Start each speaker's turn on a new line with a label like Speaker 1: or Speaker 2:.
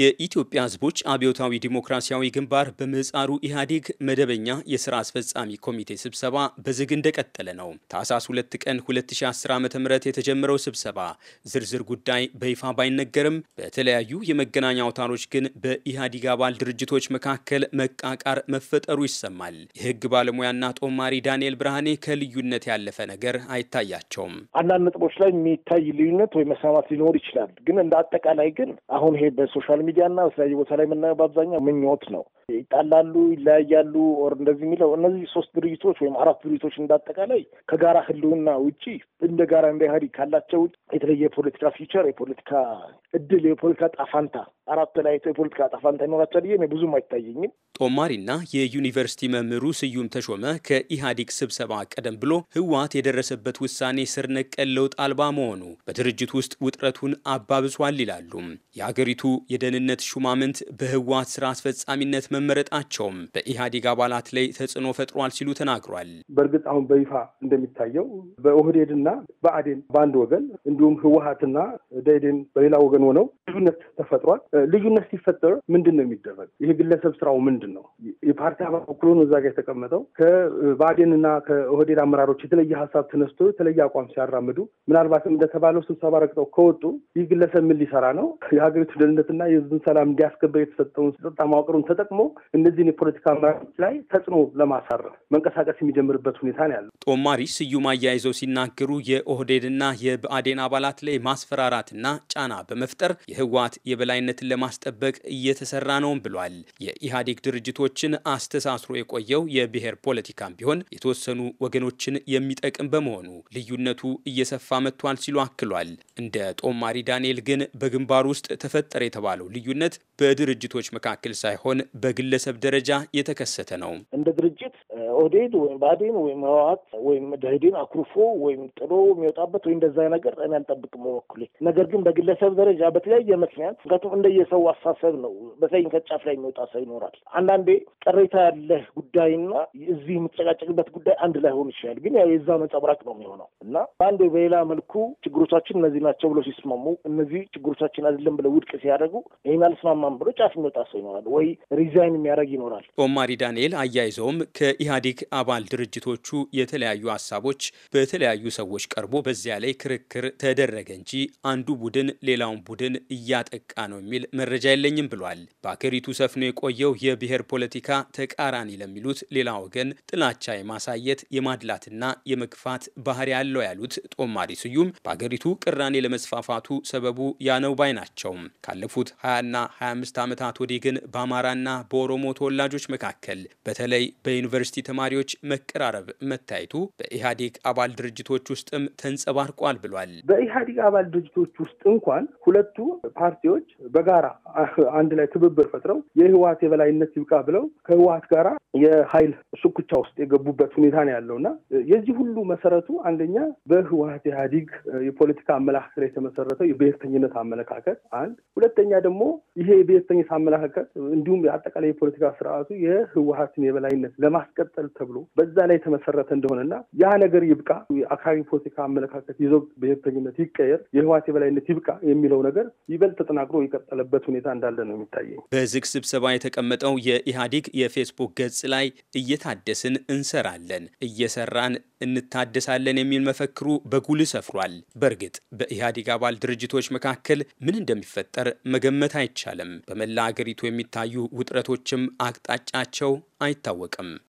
Speaker 1: የኢትዮጵያ ሕዝቦች አብዮታዊ ዲሞክራሲያዊ ግንባር በምህጻሩ ኢህአዴግ መደበኛ የስራ አስፈጻሚ ኮሚቴ ስብሰባ በዝግ እንደቀጠለ ነው። ታህሳስ 2 ቀን 2010 ዓ ም የተጀመረው ስብሰባ ዝርዝር ጉዳይ በይፋ ባይነገርም በተለያዩ የመገናኛ አውታሮች ግን በኢህአዴግ አባል ድርጅቶች መካከል መቃቃር መፈጠሩ ይሰማል። የህግ ባለሙያና ጦማሪ ዳንኤል ብርሃኔ ከልዩነት ያለፈ ነገር አይታያቸውም።
Speaker 2: አንዳንድ ነጥቦች ላይ የሚታይ ልዩነት ወይ መሰማማት ሊኖር ይችላል። ግን እንደ አጠቃላይ ግን አሁን ይሄ በሶሻል ሶሻል ሚዲያ ሚዲያና በተለያየ ቦታ ላይ የምናየው በአብዛኛው ምኞት ነው። ይጣላሉ፣ ይለያያሉ፣ ኦር እንደዚህ የሚለው እነዚህ ሶስት ድርጅቶች ወይም አራት ድርጅቶች እንዳጠቃላይ ከጋራ ህልውና ውጪ እንደ ጋራ እንደ ኢህአዴግ ካላቸው ውጭ የተለየ የፖለቲካ ፊቸር፣ የፖለቲካ እድል፣ የፖለቲካ ጣፋንታ አራት ተለያይቶ የፖለቲካ ጣፋንታ ይኖራቸዋል ብዬ ብዙም አይታየኝም።
Speaker 1: ጦማሪና የዩኒቨርሲቲ መምህሩ ስዩም ተሾመ ከኢህአዴግ ስብሰባ ቀደም ብሎ ህወሓት የደረሰበት ውሳኔ ስር ነቀል ለውጥ አልባ መሆኑ በድርጅት ውስጥ ውጥረቱን አባብሷል ይላሉ። የሀገሪቱ የደ የደህንነት ሹማምንት በህወሓት ስራ አስፈጻሚነት መመረጣቸውም በኢህአዴግ አባላት ላይ ተጽዕኖ ፈጥሯል ሲሉ ተናግሯል።
Speaker 3: በእርግጥ አሁን በይፋ እንደሚታየው በኦህዴድና በአዴን በአንድ ወገን እንዲሁም ህወሓትና ደኢህዴን በሌላ ወገን ሆነው ልዩነት ተፈጥሯል። ልዩነት ሲፈጠር ምንድን ነው የሚደረግ? ይህ ግለሰብ ስራው ምንድን ነው? የፓርቲ አባል ወክሎ ነው እዛ ጋር የተቀመጠው። ከባዴንና ከኦህዴድ አመራሮች የተለየ ሀሳብ ተነስቶ የተለየ አቋም ሲያራምዱ ምናልባትም እንደተባለው ስብሰባ ረግጠው ከወጡ ይህ ግለሰብ ምን ሊሰራ ነው? የሀገሪቱ ደህንነትና የህዝብን ሰላም እንዲያስከበር የተሰጠውን ጸጥታ ማዋቅሩን ተጠቅሞ እነዚህን የፖለቲካ አመራሮች ላይ ተጽዕኖ ለማሳረፍ መንቀሳቀስ የሚጀምርበት ሁኔታ ነው ያለው።
Speaker 1: ጦማሪ ስዩም አያይዘው ሲናገሩ የኦህዴድና የብአዴን አባላት ላይ ማስፈራራትና ጫና በመፍጠር የህወሓት የበላይነትን ለማስጠበቅ እየተሰራ ነውም ብሏል። የኢህአዴግ ድርጅቶችን አስተሳስሮ የቆየው የብሔር ፖለቲካም ቢሆን የተወሰኑ ወገኖችን የሚጠቅም በመሆኑ ልዩነቱ እየሰፋ መጥቷል ሲሉ አክሏል። እንደ ጦማሪ ዳንኤል ግን በግንባር ውስጥ ተፈጠረ የተባለው ልዩነት በድርጅቶች መካከል ሳይሆን በግለሰብ ደረጃ የተከሰተ ነው።
Speaker 2: እንደ ድርጅት ኦዴድ ወይም ባዴን ወይም ህወሓት ወይም ደኢህዴን አኩርፎ ወይም ጥሎ የሚወጣበት ወይ እንደዛ ነገር እኔ አልጠብቅም በበኩሌ። ነገር ግን በግለሰብ ደረጃ በተለያየ ምክንያት ምክንያቱም እንደየሰው አሳሰብ ነው። በተለይ ከጫፍ ላይ የሚወጣ ሰው ይኖራል። አንዳንዴ ቅሬታ ያለህ ጉዳይና እዚህ የምትጨቃጨቅበት ጉዳይ አንድ ላይ ሆን ይችላል። ግን ያው የዛ መጸብራቅ ነው የሚሆነው እና በአንድ በሌላ መልኩ ችግሮቻችን እነዚህ ናቸው ብለው ሲስማሙ እነዚህ ችግሮቻችን አይደለም ብለው ውድቅ ሲያደርጉ ይህን አልስማማም ብሎ ጫፍ የሚወጣ ሰው ይኖራል ወይ ሪዛይን የሚያደርግ ይኖራል።
Speaker 1: ኦማሪ ዳንኤል አያይዘውም ከኢህአዴግ አባል ድርጅቶቹ የተለያዩ ሀሳቦች በተለያዩ ሰዎች ቀርቦ በዚያ ላይ ክርክር ተደረገ እንጂ አንዱ ቡድን ሌላውን ቡድን እያጠቃ ነው የሚል መረጃ የለኝም ብሏል። በአገሪቱ ሰፍኖ የቆየው የብሔር ፖለቲካ ተቃራኒ ለሚሉት ሌላ ወገን ጥላቻ የማሳየት የማድላትና የመግፋት ባህሪ ያለው ያሉት ጦማሪ ስዩም በአገሪቱ ቅራኔ ለመስፋፋቱ ሰበቡ ያነው ባይ ናቸው። ካለፉት 20ና 25 ዓመታት ወዲህ ግን በአማራና በኦሮሞ ተወላጆች መካከል በተለይ በዩኒቨርሲቲ ተማሪዎች መቀራረብ መታየቱ በኢህአዴግ አባል ድርጅቶች ውስጥም ተንጸባርቋል ብሏል።
Speaker 3: በኢህአዴግ አባል ድርጅቶች ውስጥ እንኳን ሁለቱ ፓርቲዎች በጋራ አንድ ላይ ትብብር ፈጥረው የህወሀት የበላይነት ይብቃ ብለው ከህወሀት ጋራ የኃይል ሽኩቻ ውስጥ የገቡበት ሁኔታ ነው ያለው እና የዚህ ሁሉ መሰረቱ አንደኛ በህወሀት ኢህአዴግ የፖለቲካ አመለካከት ላይ የተመሰረተው የብሔርተኝነት አመለካከት አንድ፣ ሁለተኛ ደግሞ ይሄ የብሔርተኝነት አመለካከት እንዲሁም የአጠቃላይ የፖለቲካ ስርዓቱ የህወሀትን የበላይነት ለማስቀጠል ተብሎ በዛ ላይ የተመሰረተ እንደሆነና ያ ነገር ይብቃ፣ የአካባቢ ፖለቲካ አመለካከት ይዞ ብሄርተኝነት ይቀየር፣ የህወሀት የበላይነት ይብቃ የሚለው ነገር ይበልጥ ተጠናክሮ የቀጠለበት ሁኔታ እንዳለ ነው የሚታየኝ።
Speaker 1: በዝግ ስብሰባ የተቀመጠው የኢህአዴግ የፌስቡክ ገጽ ላይ እየታደስን እንሰራለን፣ እየሰራን እንታደሳለን የሚል መፈክሩ በጉል ሰፍሯል። በእርግጥ በኢህአዴግ አባል ድርጅቶች መካከል ምን እንደሚፈጠር መገመ መገመት አይቻልም። በመላ አገሪቱ የሚታዩ ውጥረቶችም አቅጣጫቸው አይታወቅም።